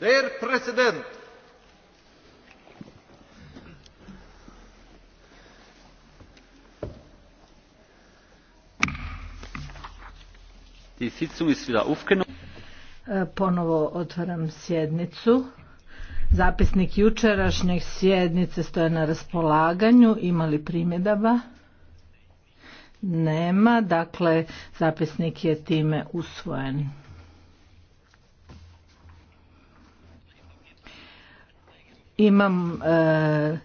Der President, Die Sitzung ist wieder aufgenommen. E, ponovo otvaram sjednicu. Zapisnik jučerašnjeg sjednice stoje na raspolaganju. Ima li primjedaba? Nema, dakle zapisnik je time usvojen. imam e,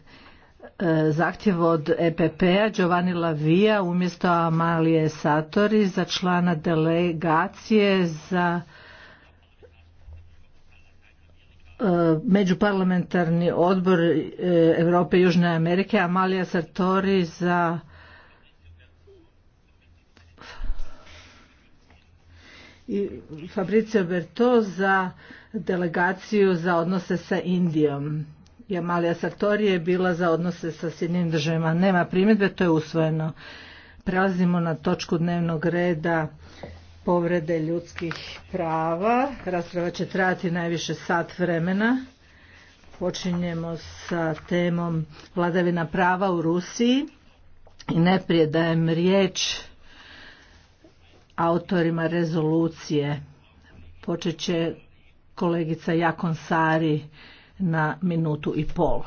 e, zahtjev od EPP-a Giovanni Lavija umjesto Amalije Satori za člana delegacije za e, međuparlamentarni odbor e, Europe i Južne Amerike Amalija Satori za i Fabricio Berto za delegaciju za odnose sa Indijom. Jamalija Sartori je bila za odnose sa Sjedinim državima. Nema primjedbe, to je usvojeno. Prelazimo na točku dnevnog reda povrede ljudskih prava. Rasprava će trajati najviše sat vremena. Počinjemo sa temom vladavina prava u Rusiji. I neprije dajem riječ autorima rezolucije. Počet će kolegica Jakon Sari na minutu i pol.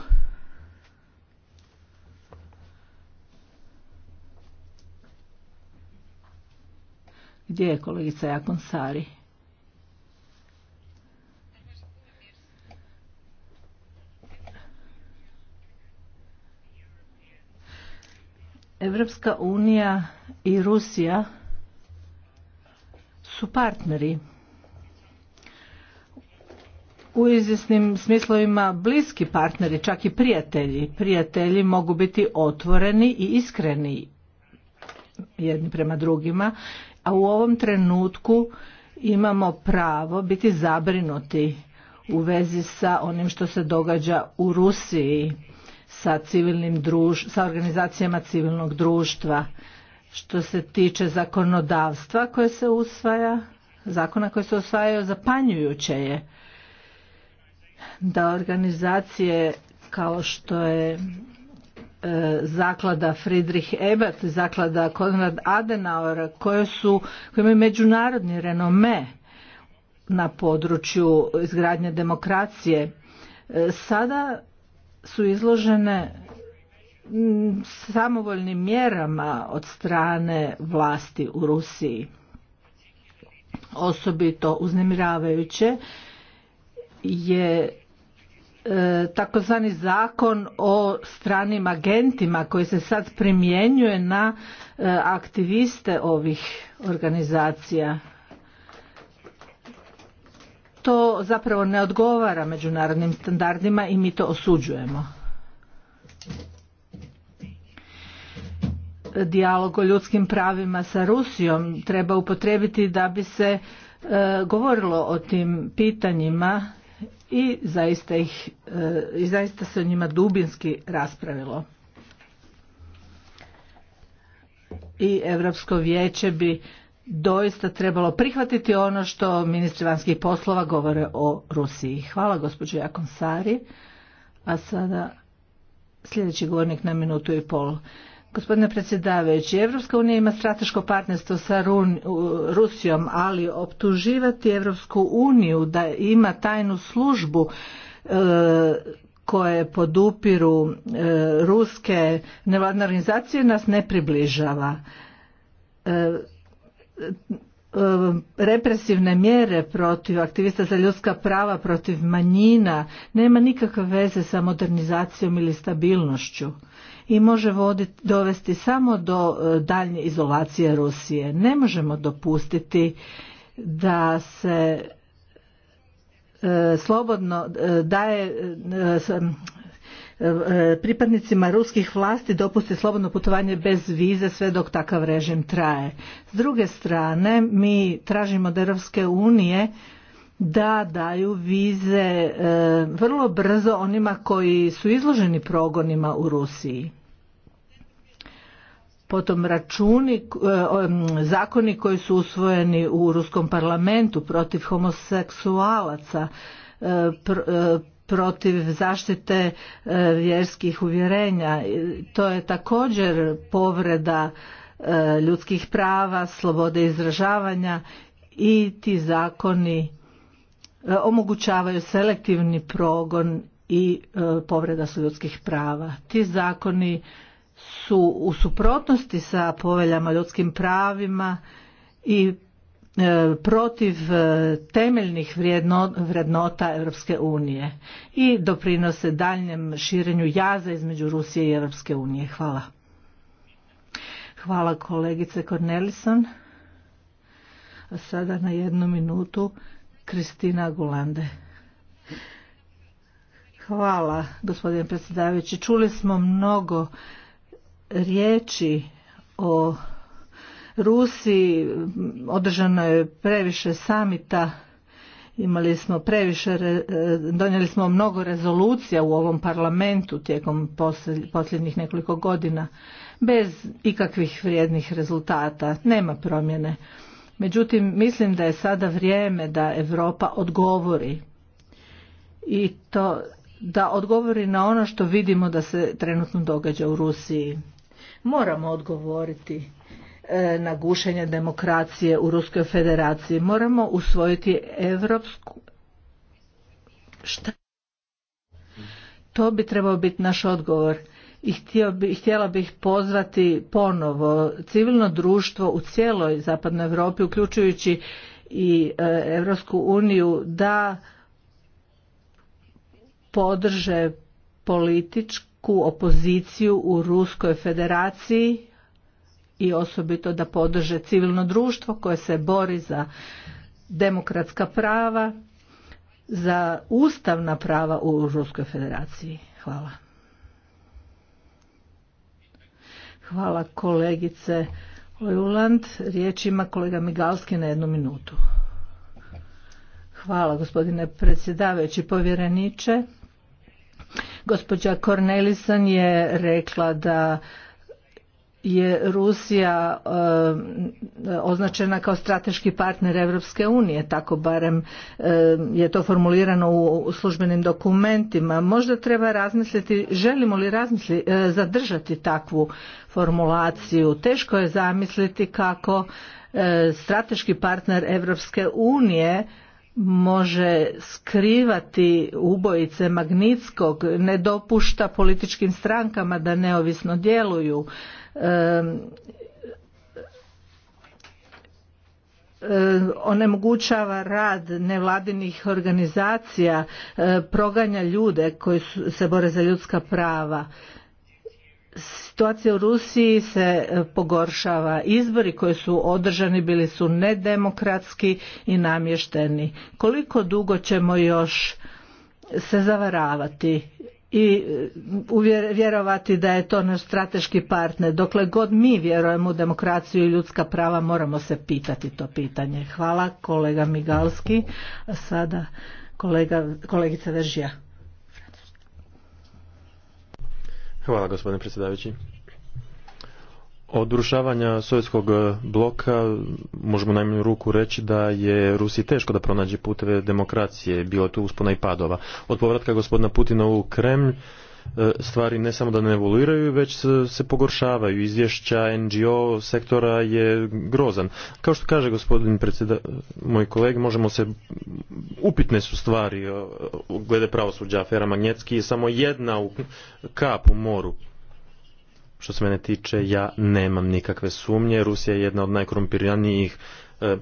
Gdje je kolegica Jakonsari? Evropska unija i Rusija su partneri u izvjesnim smislovima bliski partneri, čak i prijatelji. Prijatelji mogu biti otvoreni i iskreni jedni prema drugima, a u ovom trenutku imamo pravo biti zabrinuti u vezi sa onim što se događa u Rusiji sa, civilnim druž, sa organizacijama civilnog društva što se tiče zakonodavstva koje se usvaja, zakona koje se usvajaju, zapanjujuće je da organizacije kao što je e, zaklada Friedrich Ebert, zaklada Konrad Adenauer, koje su, koje imaju međunarodni renome na području izgradnje demokracije, e, sada su izložene samovoljnim mjerama od strane vlasti u Rusiji. Osobito uznemiravajuće je e, takozvani zakon o stranim agentima koji se sad primjenjuje na e, aktiviste ovih organizacija. To zapravo ne odgovara međunarodnim standardima i mi to osuđujemo. Dijalog o ljudskim pravima sa Rusijom treba upotrebiti da bi se e, govorilo o tim pitanjima i zaista, ih, e, i zaista se o njima dubinski raspravilo. I Europsko vijeće bi doista trebalo prihvatiti ono što ministri vanjskih poslova govore o Rusiji. Hvala gospođo Sari. A sada sljedeći govornik na minutu i pol. Gospodine predsjedavajući, Europska unija ima strateško partnerstvo sa Rusijom, ali optuživati Evropsku uniju da ima tajnu službu koja e, koje podupiru e, ruske nevladne organizacije nas ne približava. E, represivne mjere protiv aktivista za ljudska prava, protiv manjina, nema nikakve veze sa modernizacijom ili stabilnošću i može voditi, dovesti samo do e, daljnje izolacije Rusije. Ne možemo dopustiti da se e, slobodno e, daje pripadnicima ruskih vlasti dopusti slobodno putovanje bez vize sve dok takav režim traje. S druge strane, mi tražimo od Europske unije da daju vize e, vrlo brzo onima koji su izloženi progonima u Rusiji. Potom računi, e, zakoni koji su usvojeni u Ruskom parlamentu protiv homoseksualaca, e, protiv zaštite vjerskih uvjerenja. To je također povreda ljudskih prava, slobode izražavanja i ti zakoni E, omogućavaju selektivni progon i e, povreda su ljudskih prava. Ti zakoni su u suprotnosti sa poveljama ljudskim pravima i e, protiv temeljnih vrednota Europske unije i doprinose daljnjem širenju jaza između Rusije i Europske unije. Hvala. Hvala kolegice Cornelison. sada na jednu minutu Kristina Gulande. Hvala, gospodine predsjedavajući. Čuli smo mnogo riječi o Rusiji, održano je previše samita, imali smo previše, donijeli smo mnogo rezolucija u ovom parlamentu tijekom posljednjih nekoliko godina, bez ikakvih vrijednih rezultata, nema promjene. Međutim, mislim da je sada vrijeme da Europa odgovori i to da odgovori na ono što vidimo da se trenutno događa u Rusiji. Moramo odgovoriti e, na gušenje demokracije u Ruskoj federaciji. Moramo usvojiti evropsku... Šta? To bi trebao biti naš odgovor i bi, htjela bih pozvati ponovo civilno društvo u cijeloj zapadnoj Europi uključujući i Europsku uniju da podrže političku opoziciju u Ruskoj federaciji i osobito da podrže civilno društvo koje se bori za demokratska prava, za ustavna prava u Ruskoj federaciji. Hvala. Hvala kolegice Ojuland. Riječ ima kolega Migalski na jednu minutu. Hvala gospodine predsjedavajući povjereniče. Gospođa Kornelisan je rekla da je Rusija eh, označena kao strateški partner Europske unije, tako barem eh, je to formulirano u službenim dokumentima. Možda treba razmisliti, želimo li razmisli, eh, zadržati takvu formulaciju. Teško je zamisliti kako strateški partner Europske unije može skrivati ubojice Magnitskog, ne dopušta političkim strankama da neovisno djeluju, onemogućava rad nevladinih organizacija, e, proganja ljude koji se bore za ljudska prava. Situacija u Rusiji se e, pogoršava. Izbori koji su održani bili su nedemokratski i namješteni. Koliko dugo ćemo još se zavaravati? i e, vjerovati da je to naš strateški partner. Dokle god mi vjerujemo u demokraciju i ljudska prava moramo se pitati to pitanje. Hvala kolega Migalski. A sada kolega, kolegica Veržija. Hvala gospodine predsjedavajući. Od rušavanja sovjetskog e, bloka možemo najmanju ruku reći da je Rusiji teško da pronađe puteve demokracije, bilo je tu uspona i padova. Od povratka gospodina Putina u Kreml e, stvari ne samo da ne evoluiraju, već se pogoršavaju. Izvješća NGO sektora je grozan. Kao što kaže gospodin predsjeda, moj kolega, možemo se, upitne su stvari e, glede pravosuđa afera Magnetski, je samo jedna u kap u moru. Što se mene tiče, ja nemam nikakve sumnje. Rusija je jedna od najkorumpiranijih e,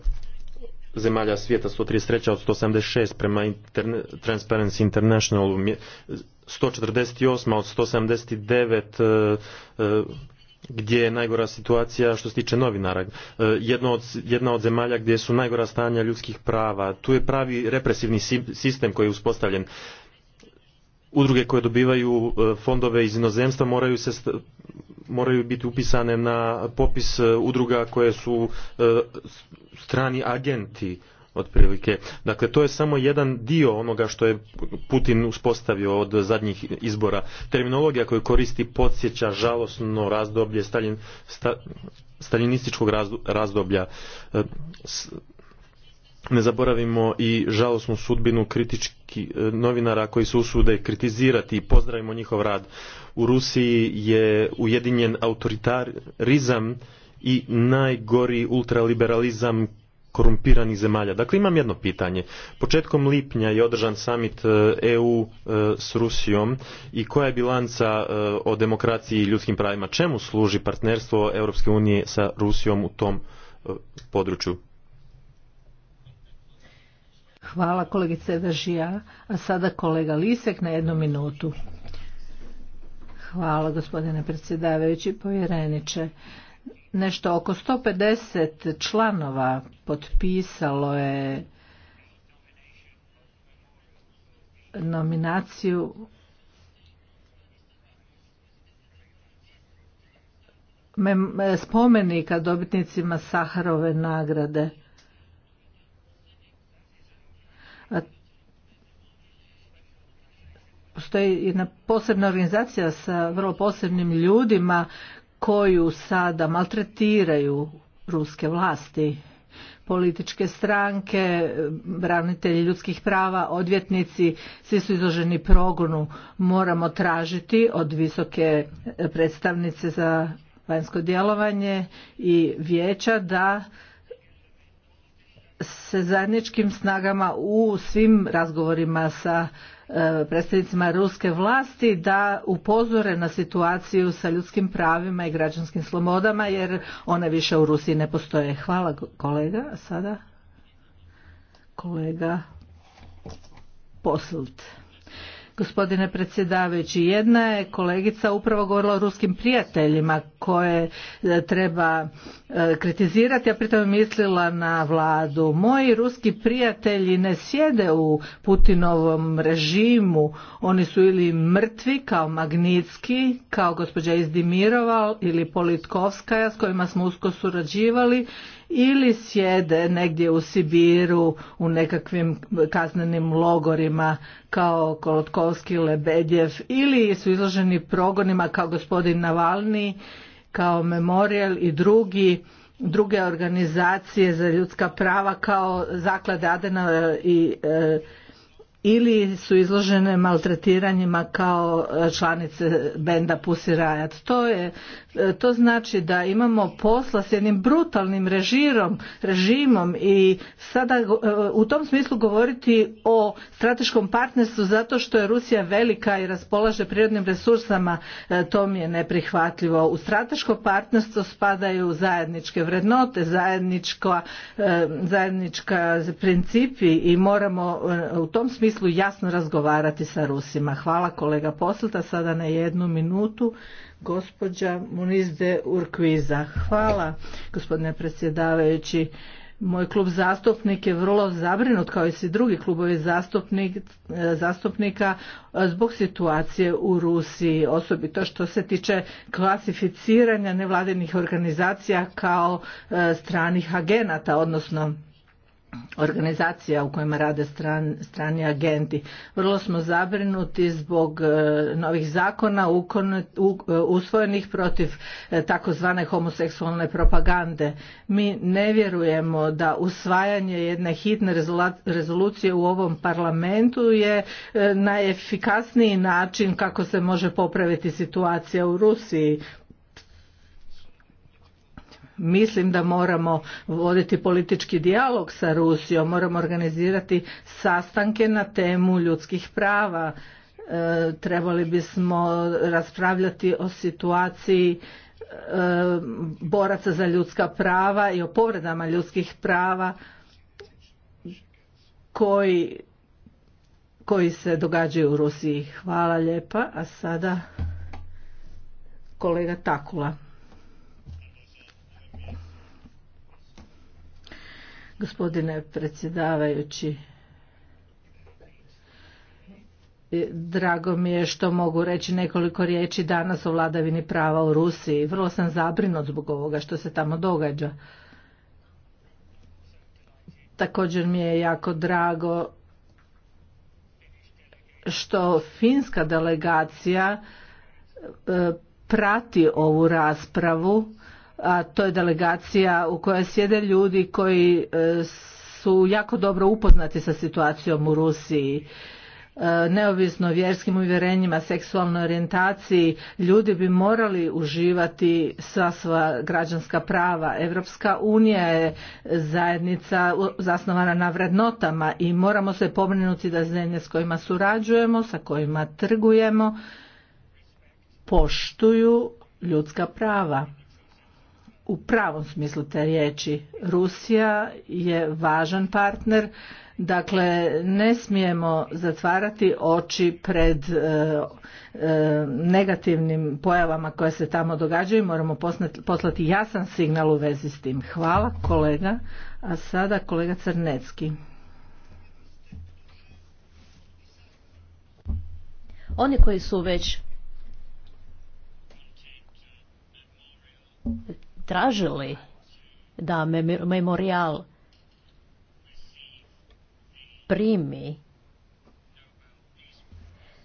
zemalja svijeta, 133. od 176 prema Interne, Transparency International, 148. od 179 e, e, gdje je najgora situacija što se tiče novinara. Jedno od, jedna od zemalja gdje su najgora stanja ljudskih prava. Tu je pravi represivni sistem koji je uspostavljen udruge koje dobivaju e, fondove iz inozemstva moraju se moraju biti upisane na popis e, udruga koje su e, strani agenti otprilike. Dakle, to je samo jedan dio onoga što je Putin uspostavio od zadnjih izbora. Terminologija koju koristi podsjeća žalosno razdoblje Stalin, staljinističkog razdoblja ne zaboravimo i žalosnu sudbinu kritičkih e, novinara koji se usude kritizirati i pozdravimo njihov rad. U Rusiji je ujedinjen autoritarizam i najgori ultraliberalizam korumpiranih zemalja. Dakle, imam jedno pitanje. Početkom lipnja je održan summit EU e e, s Rusijom i koja je bilanca o demokraciji i ljudskim pravima? Čemu služi partnerstvo Europske unije sa Rusijom u tom području? Hvala kolegice držija A sada kolega Lisek na jednu minutu. Hvala gospodine predsjedavajući povjereniče. Nešto oko 150 članova potpisalo je nominaciju spomenika dobitnicima Saharove nagrade. postoji jedna posebna organizacija sa vrlo posebnim ljudima koju sada maltretiraju ruske vlasti političke stranke, branitelji ljudskih prava, odvjetnici, svi su izloženi progonu. Moramo tražiti od visoke predstavnice za vanjsko djelovanje i vijeća da se zajedničkim snagama u svim razgovorima sa E, predstavnicima ruske vlasti da upozore na situaciju sa ljudskim pravima i građanskim slobodama jer one više u Rusiji ne postoje. Hvala kolega. A sada kolega posult. Gospodine predsjedavajući, jedna je kolegica upravo govorila o ruskim prijateljima koje e, treba e, kritizirati, a pritom je mislila na vladu. Moji ruski prijatelji ne sjede u Putinovom režimu, oni su ili mrtvi kao Magnitski, kao gospođa Izdimirova ili Politkovskaja s kojima smo usko surađivali ili sjede negdje u Sibiru u nekakvim kaznenim logorima kao Kolotkovski, Lebedjev ili su izloženi progonima kao gospodin Navalni, kao Memorial i drugi druge organizacije za ljudska prava kao Zaklade Adena i e, ili su izložene maltretiranjima kao e, članice benda Pussy Riot. To, je, e, to znači da imamo posla s jednim brutalnim režirom, režimom i sada e, u tom smislu govoriti o strateškom partnerstvu zato što je Rusija velika i raspolaže prirodnim resursama, to mi je neprihvatljivo. U strateško partnerstvo spadaju zajedničke vrednote, zajednička, zajednička principi i moramo u tom smislu smislu jasno razgovarati sa Rusima. Hvala kolega Poslata, sada na jednu minutu gospođa Munizde Urkviza. Hvala gospodine predsjedavajući. Moj klub zastupnik je vrlo zabrinut kao i svi drugi klubovi zastupnik, e, zastupnika e, zbog situacije u Rusiji, osobito što se tiče klasificiranja nevladinih organizacija kao e, stranih agenata, odnosno organizacija u kojima rade strani agenti. Vrlo smo zabrinuti zbog e, novih zakona e, usvojenih protiv e, takozvane homoseksualne propagande. Mi ne vjerujemo da usvajanje jedne hitne rezolucije u ovom parlamentu je najefikasniji način kako se može popraviti situacija u Rusiji mislim da moramo voditi politički dijalog sa Rusijom, moramo organizirati sastanke na temu ljudskih prava. E, trebali bismo raspravljati o situaciji e, boraca za ljudska prava i o povredama ljudskih prava koji, koji se događaju u Rusiji. Hvala lijepa. A sada kolega Takula. Gospodine predsjedavajući, drago mi je što mogu reći nekoliko riječi danas o vladavini prava u Rusiji. Vrlo sam zabrinut zbog ovoga što se tamo događa. Također mi je jako drago što finska delegacija e, prati ovu raspravu a to je delegacija u kojoj sjede ljudi koji e, su jako dobro upoznati sa situacijom u Rusiji e, neovisno vjerskim uvjerenjima, seksualnoj orijentaciji, ljudi bi morali uživati sva sva građanska prava. Europska unija je zajednica zasnovana na vrednotama i moramo se pobrinuti da zemlje s kojima surađujemo, sa kojima trgujemo, poštuju ljudska prava u pravom smislu te riječi. Rusija je važan partner, dakle ne smijemo zatvarati oči pred e, e, negativnim pojavama koje se tamo događaju, moramo poslati, jasan signal u vezi s tim. Hvala kolega, a sada kolega Crnecki. Oni koji su već tražili da memorial primi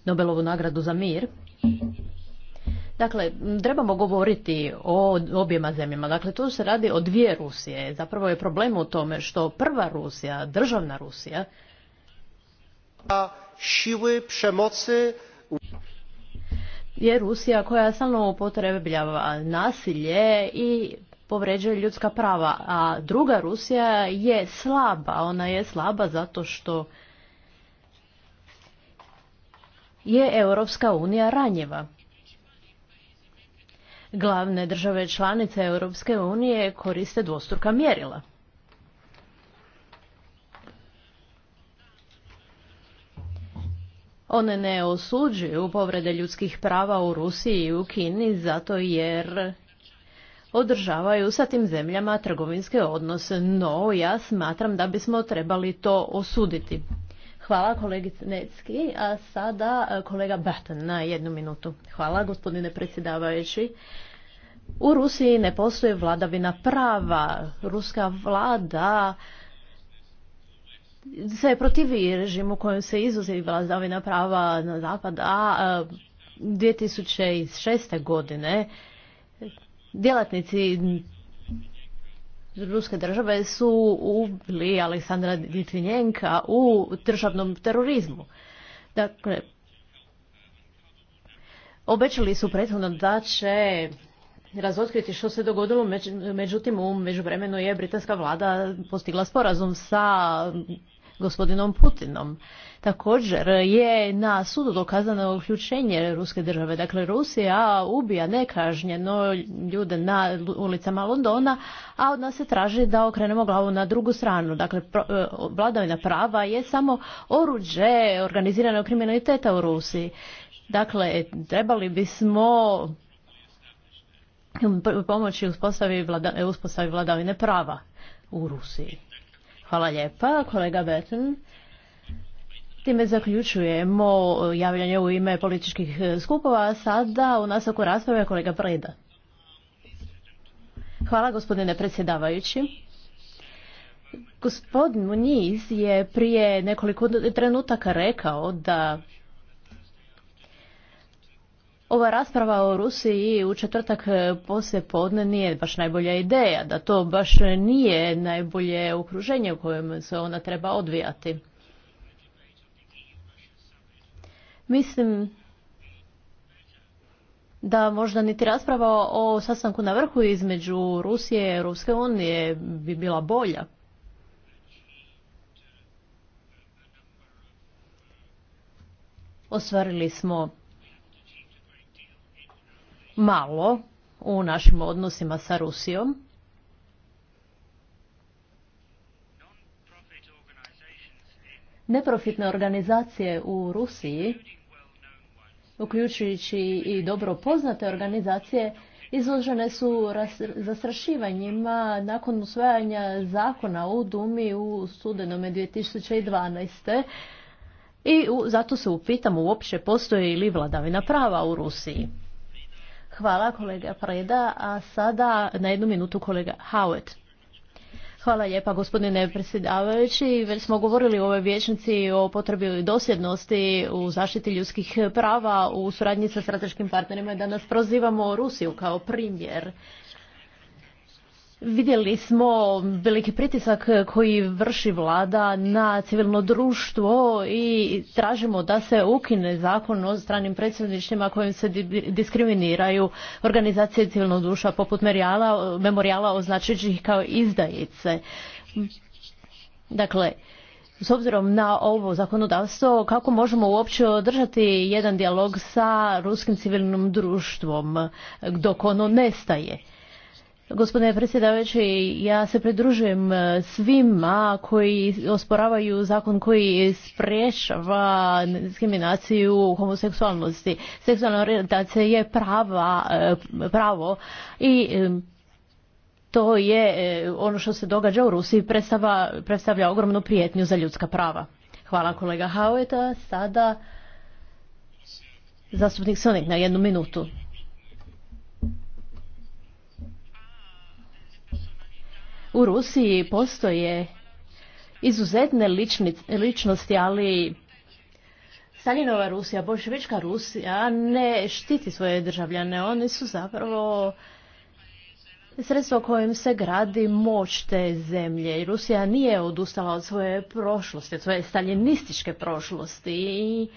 Nobelovu nagradu za mir. Dakle, trebamo govoriti o objema zemljama. Dakle, tu se radi o dvije Rusije. Zapravo je problem u tome što prva Rusija, državna Rusija, šivi, przemocy je Rusija koja stalno upotrebljava nasilje i povređuje ljudska prava, a druga Rusija je slaba. Ona je slaba zato što je Europska unija ranjiva. Glavne države članice Europske unije koriste dvostruka mjerila. One ne osuđuju povrede ljudskih prava u Rusiji i u Kini zato jer održavaju sa tim zemljama trgovinske odnose, no ja smatram da bismo trebali to osuditi. Hvala kolegice Necki, a sada e, kolega Batten na jednu minutu. Hvala gospodine predsjedavajući. U Rusiji ne postoji vladavina prava. Ruska vlada se protivi režimu kojem se izuzevi vladavina prava na zapad, a 2006. E, godine djelatnici ruske države su ubili Aleksandra Litvinjenka u državnom terorizmu. Dakle, obećali su prethodno da će razotkriti što se dogodilo, međutim u međuvremenu je britanska vlada postigla sporazum sa gospodinom Putinom. Također je na sudu dokazano uključenje ruske države. Dakle, Rusija ubija nekažnjeno ljude na ulicama Londona, a od nas se traži da okrenemo glavu na drugu stranu. Dakle, e, vladavina prava je samo oruđe organiziranog kriminaliteta u Rusiji. Dakle, trebali bismo pomoći uspostavi, vlada, uspostavi vladavine prava u Rusiji. Hvala lijepa, kolega Betten. Time zaključujemo javljanje u ime političkih skupova. Sada u nastavku rasprave kolega Preda. Hvala gospodine predsjedavajući. Gospodin Muniz je prije nekoliko trenutaka rekao da ova rasprava o Rusiji u četvrtak e, poslije podne nije baš najbolja ideja, da to baš nije najbolje okruženje u kojem se ona treba odvijati. Mislim da možda niti rasprava o sastanku na vrhu između Rusije i Europske unije bi bila bolja. Ostvarili smo malo u našim odnosima sa Rusijom. Neprofitne organizacije u Rusiji, uključujući i dobro poznate organizacije, izložene su zastrašivanjima nakon usvajanja zakona u Dumi u studenome 2012. I zato se upitamo uopće postoje li vladavina prava u Rusiji. Hvala kolega Preda, a sada na jednu minutu kolega Howard. Hvala lijepa gospodine predsjedavajući. Već smo govorili u ovoj vječnici o potrebi dosljednosti u zaštiti ljudskih prava u suradnji sa strateškim partnerima i nas prozivamo Rusiju kao primjer. Vidjeli smo veliki pritisak koji vrši vlada na civilno društvo i tražimo da se ukine zakon o stranim predsjedništvima kojim se diskriminiraju organizacije civilnog društva poput memoriala memorijala kao izdajice. Dakle, s obzirom na ovo zakonodavstvo, kako možemo uopće održati jedan dijalog sa ruskim civilnim društvom dok ono nestaje? Gospodine predsjedavajući, ja se pridružujem e, svima koji osporavaju zakon koji sprešava diskriminaciju homoseksualnosti. Seksualna orijentacija je prava, e, pravo i e, to je ono što se događa u Rusiji predstavlja, predstavlja ogromnu prijetnju za ljudska prava. Hvala kolega Haueta. Sada zastupnik Sonik na jednu minutu. U Rusiji postoje izuzetne ličnosti, ali Stalinova Rusija, bolševička Rusija ne štiti svoje državljane. Oni su zapravo sredstvo kojim se gradi moć te zemlje. Rusija nije odustala od svoje prošlosti, od svoje staljinističke prošlosti i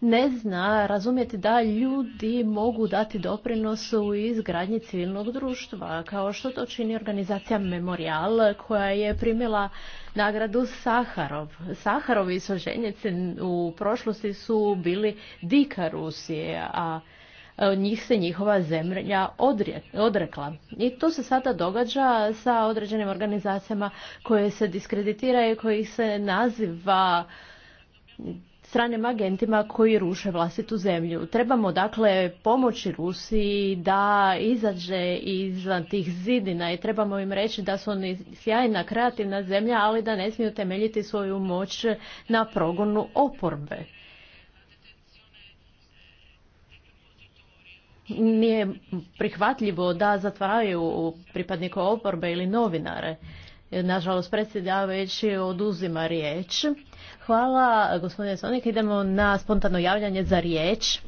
ne zna razumjeti da ljudi mogu dati doprinos u izgradnji civilnog društva, kao što to čini organizacija Memorial koja je primila nagradu Saharov. Saharovi i u prošlosti su bili dika Rusije, a e, njih se njihova zemlja odrekla. I to se sada događa sa određenim organizacijama koje se diskreditiraju, koji se naziva stranim agentima koji ruše vlastitu zemlju. Trebamo dakle pomoći Rusiji da izađe izvan tih zidina i trebamo im reći da su oni sjajna, kreativna zemlja, ali da ne smiju temeljiti svoju moć na progonu oporbe. Nije prihvatljivo da zatvaraju pripadnike oporbe ili novinare. Nažalost, predsjedavajući oduzima riječ. Hvala gospodine Sonik. Idemo na spontano javljanje za riječ.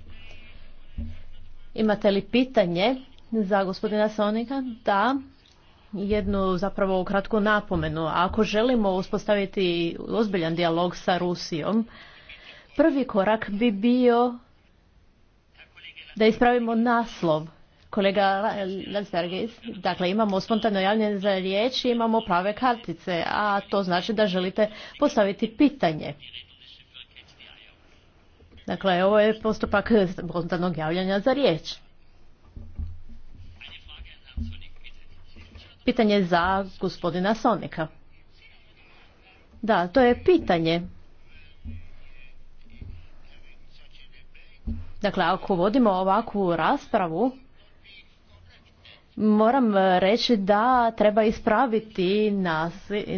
Imate li pitanje za gospodina Sonika? Da. Jednu zapravo kratku napomenu. Ako želimo uspostaviti ozbiljan dijalog sa Rusijom, prvi korak bi bio da ispravimo naslov Kolega Landsbergis, dakle imamo spontano javljanje za riječ i imamo prave kartice, a to znači da želite postaviti pitanje. Dakle, ovo je postupak spontanog javljanja za riječ. Pitanje za gospodina Sonika. Da, to je pitanje. Dakle, ako vodimo ovakvu raspravu, Moram e, reći da treba ispraviti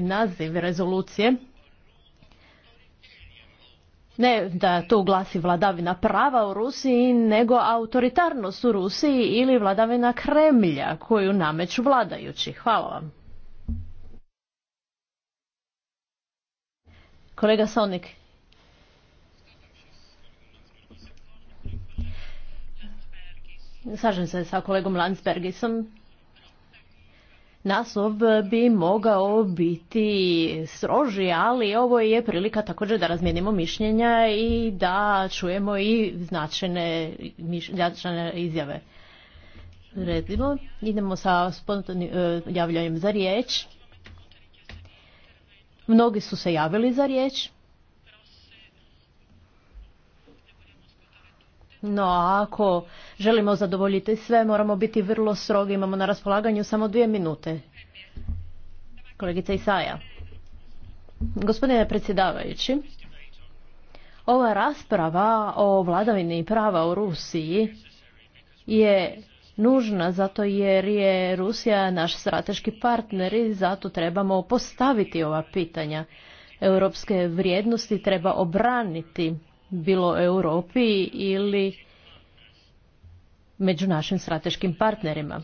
naziv rezolucije. Ne da to glasi vladavina prava u Rusiji, nego autoritarnost u Rusiji ili vladavina Kremlja koju nameću vladajući. Hvala vam. Kolega Sonik. Slažem se sa kolegom Landsbergisom. Naslov bi mogao biti stroži, ali ovo je prilika također da razmijenimo mišljenja i da čujemo i značajne, značajne izjave. Redimo, idemo sa spontanim e, javljanjem za riječ. Mnogi su se javili za riječ. No, a ako želimo zadovoljiti sve, moramo biti vrlo strogi. Imamo na raspolaganju samo dvije minute. Kolegica Isaja. Gospodine predsjedavajući, ova rasprava o vladavini prava u Rusiji je nužna zato jer je Rusija naš strateški partner i zato trebamo postaviti ova pitanja. Europske vrijednosti treba obraniti bilo Europi ili među našim strateškim partnerima.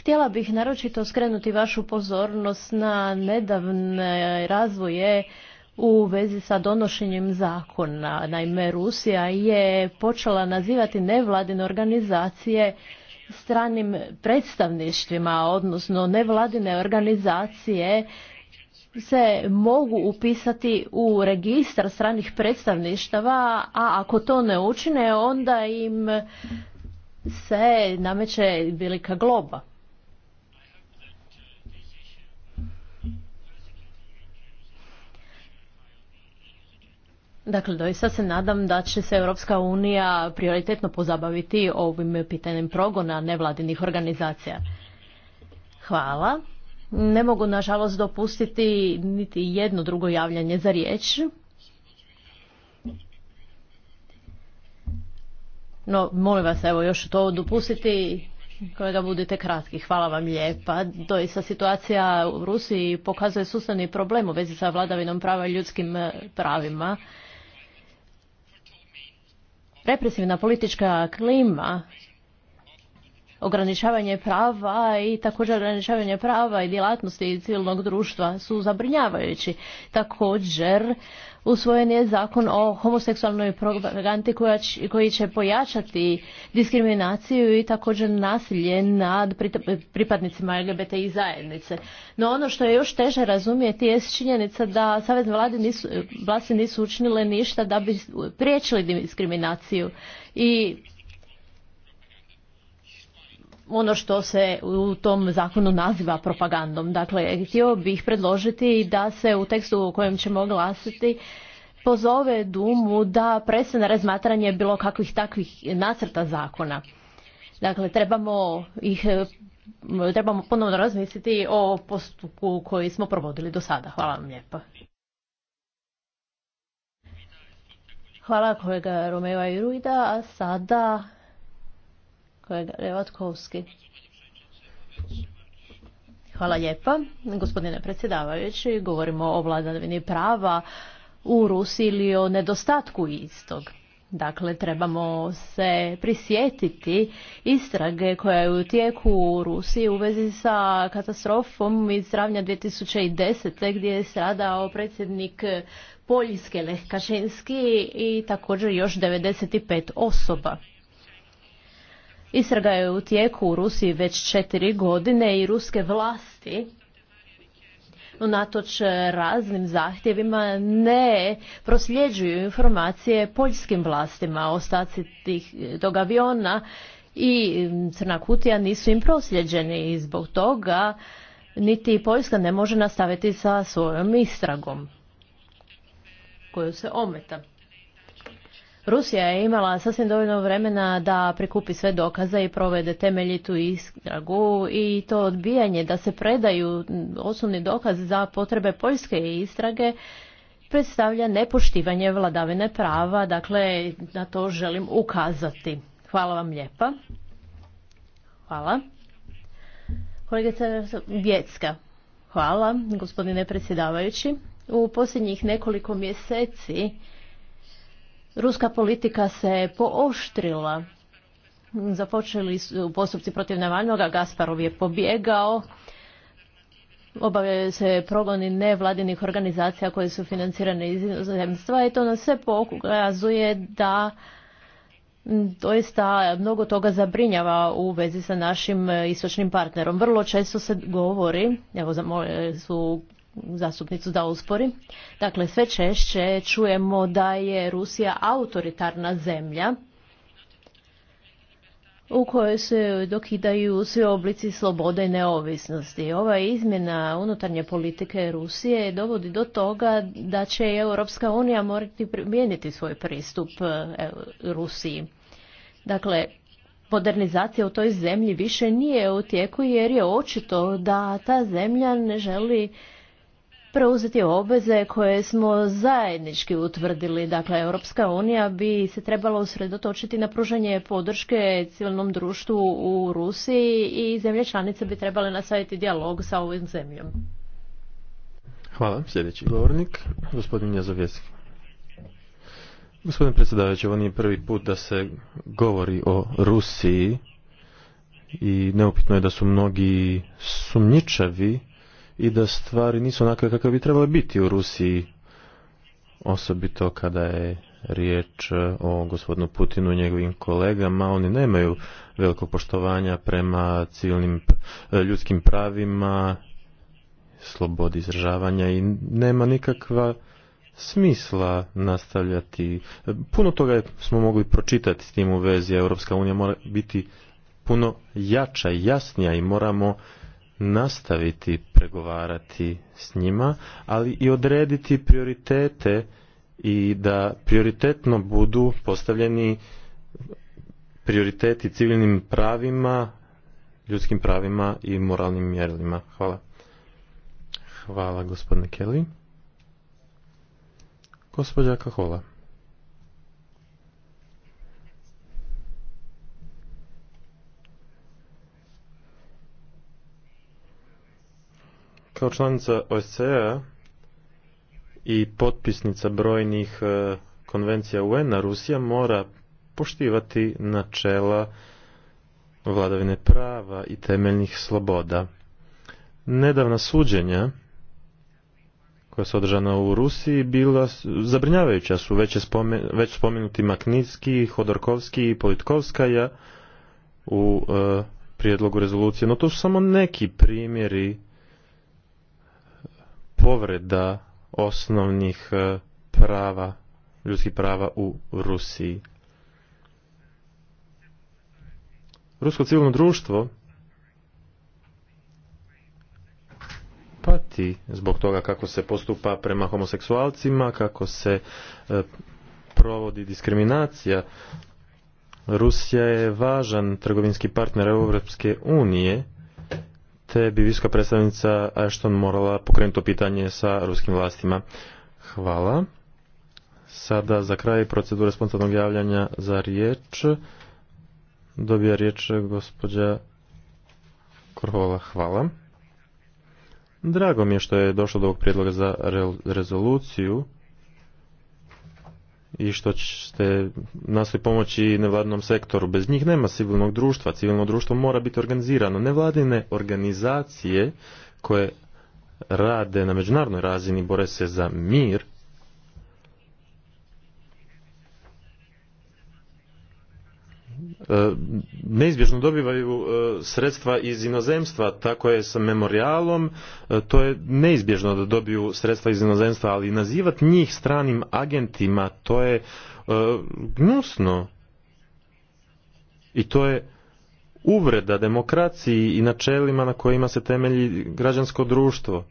Htjela bih naročito skrenuti vašu pozornost na nedavne razvoje u vezi sa donošenjem zakona. Naime, Rusija je počela nazivati nevladine organizacije stranim predstavništvima, odnosno nevladine organizacije se mogu upisati u registar stranih predstavništava, a ako to ne učine, onda im se nameće velika globa. Dakle, doista se nadam da će se Europska unija prioritetno pozabaviti ovim pitanjem progona nevladinih organizacija. Hvala. Ne mogu, nažalost, dopustiti niti jedno drugo javljanje za riječ. No, molim vas, evo, još to dopustiti. Kolega, budite kratki. Hvala vam lijepa. Doista situacija u Rusiji pokazuje sustavni problem u vezi sa vladavinom prava i ljudskim e, pravima. Represivna politička klima ograničavanje prava i također ograničavanje prava i djelatnosti civilnog društva su zabrinjavajući. Također usvojen je zakon o homoseksualnoj propaganti koji će pojačati diskriminaciju i također nasilje nad pripadnicima LGBTI zajednice. No ono što je još teže razumjeti je činjenica da savez vlade nisu, vlasti nisu učinile ništa da bi priječili diskriminaciju i ono što se u tom zakonu naziva propagandom. Dakle, htio bih predložiti da se u tekstu u kojem ćemo glasiti pozove Dumu da prestane razmatranje bilo kakvih takvih nacrta zakona. Dakle, trebamo ih trebamo ponovno razmisliti o postupku koji smo provodili do sada. Hvala vam lijepa. Hvala kolega Romeva i Ruida, a sada kolega Hvala lijepa, gospodine predsjedavajući. Govorimo o vladavini prava u Rusiji ili o nedostatku istog. Dakle, trebamo se prisjetiti istrage koja je u tijeku u Rusiji u vezi sa katastrofom iz travnja 2010. gdje je sradao predsjednik Poljske Leh i također još 95 osoba. Istraga je u tijeku u Rusiji već četiri godine i ruske vlasti unatoč raznim zahtjevima ne prosljeđuju informacije poljskim vlastima ostaci tih, tog aviona i crna kutija nisu im prosljeđeni i zbog toga niti Poljska ne može nastaviti sa svojom istragom koju se ometa. Rusija je imala sasvim dovoljno vremena da prikupi sve dokaze i provede temeljitu istragu i to odbijanje da se predaju osnovni dokaz za potrebe poljske istrage predstavlja nepoštivanje vladavine prava, dakle na to želim ukazati. Hvala vam lijepa. Hvala. Kolegica Vjecka. Hvala, gospodine predsjedavajući. U posljednjih nekoliko mjeseci Ruska politika se pooštrila. Započeli su postupci protiv Navalnoga, Gasparov je pobjegao. Obavljaju se progoni nevladinih organizacija koje su financirane iz inozemstva i to nas sve pokazuje da doista mnogo toga zabrinjava u vezi sa našim istočnim partnerom. Vrlo često se govori, evo su zastupnicu da uspori. Dakle, sve češće čujemo da je Rusija autoritarna zemlja u kojoj se dokidaju svi oblici slobode i neovisnosti. Ova izmjena unutarnje politike Rusije dovodi do toga da će Europska unija morati primijeniti svoj pristup e, Rusiji. Dakle, modernizacija u toj zemlji više nije u tijeku jer je očito da ta zemlja ne želi preuzeti obveze koje smo zajednički utvrdili. Dakle, Europska unija bi se trebala usredotočiti na pružanje podrške civilnom društvu u Rusiji i zemlje članice bi trebale nastaviti dijalog sa ovim zemljom. Hvala. Sljedeći govornik, gospodin Jazovjeski. Gospodin predsjedavajući, ovo nije prvi put da se govori o Rusiji i neupitno je da su mnogi sumnjičavi i da stvari nisu onakve kakve bi trebale biti u Rusiji, osobito kada je riječ o gospodinu Putinu i njegovim kolegama. Oni nemaju velikog poštovanja prema civilnim e, ljudskim pravima, slobodi izražavanja i nema nikakva smisla nastavljati. Puno toga smo mogli pročitati s tim u vezi. Europska unija mora biti puno jača i jasnija i moramo nastaviti pregovarati s njima, ali i odrediti prioritete i da prioritetno budu postavljeni prioriteti civilnim pravima, ljudskim pravima i moralnim mjerilima. Hvala. Hvala gospodine Kelly. Gospođa Kahola. Kao članica OSCE-a i potpisnica brojnih e, konvencija UN-a, Rusija mora poštivati načela vladavine prava i temeljnih sloboda. Nedavna suđenja koja su održana u Rusiji bila zabrinjavajuća su već, već spomenuti Maknitski, Hodorkovski i Politkovskaja u e, prijedlogu rezolucije. No to su samo neki primjeri povreda osnovnih e, prava, ljudskih prava u Rusiji. Rusko civilno društvo pati zbog toga kako se postupa prema homoseksualcima, kako se e, provodi diskriminacija. Rusija je važan trgovinski partner Europske unije te bi viska predstavnica Ashton morala pokrenuti to pitanje sa ruskim vlastima. Hvala. Sada za kraj procedure spontanog javljanja za riječ. Dobija riječ gospođa Korhola. Hvala. Drago mi je što je došlo do ovog prijedloga za rezoluciju i što ćete nastoji pomoći nevladnom sektoru. Bez njih nema civilnog društva. Civilno društvo mora biti organizirano. Nevladine organizacije koje rade na međunarodnoj razini, bore se za mir, E, neizbježno dobivaju e, sredstva iz inozemstva, tako je sa memorijalom, e, to je neizbježno da dobiju sredstva iz inozemstva, ali nazivati njih stranim agentima, to je gnusno. I to je uvreda demokraciji i načelima na kojima se temelji građansko društvo.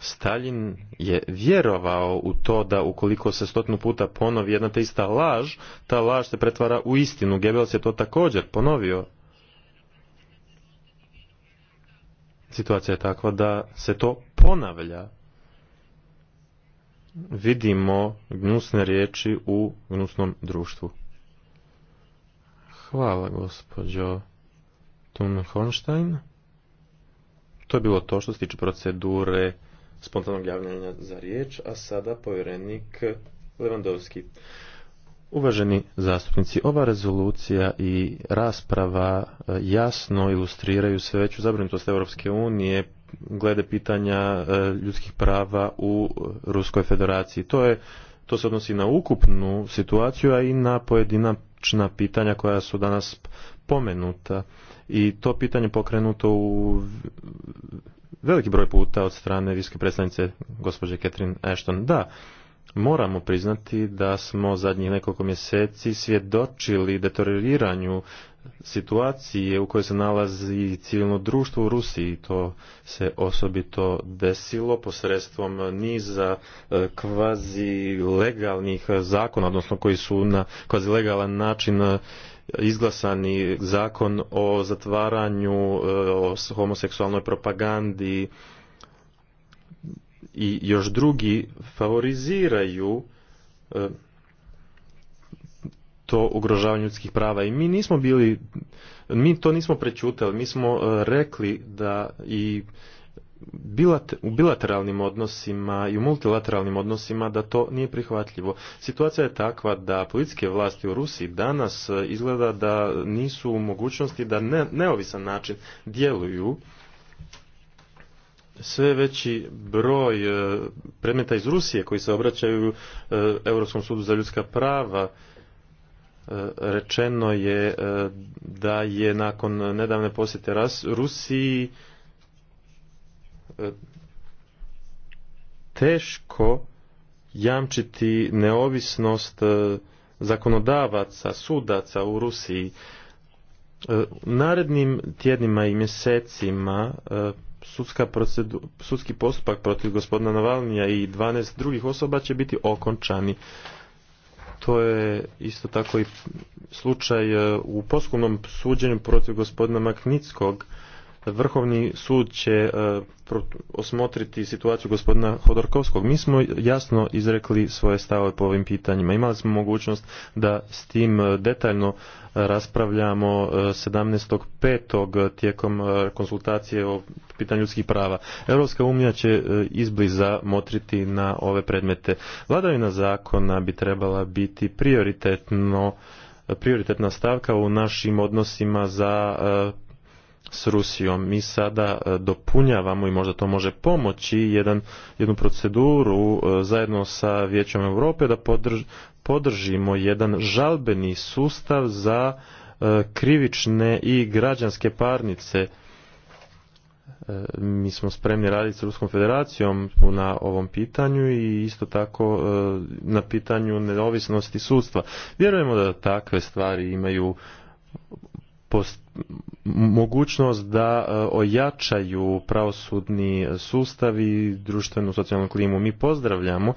Stalin je vjerovao u to da ukoliko se stotnu puta ponovi jedna te ista laž, ta laž se pretvara u istinu. Goebbels je to također ponovio. Situacija je takva da se to ponavlja. Vidimo gnusne riječi u gnusnom društvu. Hvala gospođo Thun To je bilo to što se tiče procedure spontanog javljanja za riječ, a sada povjerenik Levandovski. Uvaženi zastupnici, ova rezolucija i rasprava eh, jasno ilustriraju sve veću zabrinutost Europske unije glede pitanja eh, ljudskih prava u eh, Ruskoj federaciji. To, je, to se odnosi na ukupnu situaciju, a i na pojedinačna pitanja koja su danas pomenuta. I to pitanje pokrenuto u veliki broj puta od strane viske predstavnice gospođe Catherine Ashton. Da, moramo priznati da smo zadnjih nekoliko mjeseci svjedočili deterioriranju situacije u kojoj se nalazi civilno društvo u Rusiji. To se osobito desilo posredstvom niza e, kvazi legalnih zakona, odnosno koji su na kvazi legalan način e, izglasani zakon o zatvaranju, e, o homoseksualnoj propagandi i još drugi favoriziraju e, to ugrožavanje ljudskih prava i mi nismo bili mi to nismo prečutali mi smo e, rekli da i u bilateralnim odnosima i u multilateralnim odnosima da to nije prihvatljivo. Situacija je takva da politiske vlasti u Rusiji danas e, izgleda da nisu u mogućnosti da ne, neovisan način djeluju sve veći broj e, predmeta iz Rusije koji se obraćaju e, Europskom sudu za ljudska prava rečeno je da je nakon nedavne posjete Rusiji E, teško jamčiti neovisnost e, zakonodavaca, sudaca u Rusiji. U e, narednim tjednima i mjesecima sudska sudski postupak protiv gospodina Navalnija i 12 drugih osoba će biti okončani. To je isto tako i slučaj u poslovnom suđenju protiv gospodina Maknickog Vrhovni sud će e, osmotriti situaciju gospodina Hodorkovskog. Mi smo jasno izrekli svoje stavove po ovim pitanjima. Imali smo mogućnost da s tim e, detaljno e, raspravljamo 17.5. tijekom konsultacije o pitanju ljudskih prava. Europska unija će izbliza motriti na ove predmete. Vladavina zakona bi trebala biti prioritetno prioritetna stavka u našim odnosima za s Rusijom. Mi sada e, dopunjavamo i možda to može pomoći jedan, jednu proceduru e, zajedno sa Vijećom Europe da podržimo jedan žalbeni sustav za e, krivične i građanske parnice. Mi smo spremni raditi s Ruskom federacijom na ovom pitanju i isto tako na pitanju neovisnosti sudstva. Vjerujemo da takve stvari imaju post, mogućnost da e, ojačaju pravosudni sustav i društvenu socijalnu klimu. Mi pozdravljamo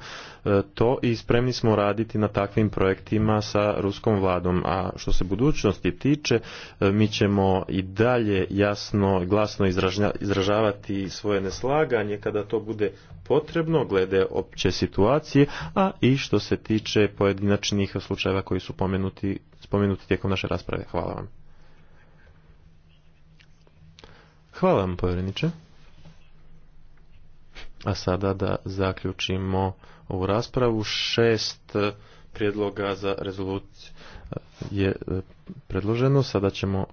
e, to i spremni smo raditi na takvim projektima sa ruskom vladom. A što se budućnosti tiče, e, mi ćemo i dalje jasno i glasno izražavati svoje neslaganje kada to bude potrebno glede opće situacije, a i što se tiče pojedinačnih slučajeva koji su spomenuti tijekom naše rasprave. Hvala vam. Hvala vam, povjereniče. A sada da zaključimo ovu raspravu. Šest e, prijedloga za rezoluciju e, je e, predloženo. Sada ćemo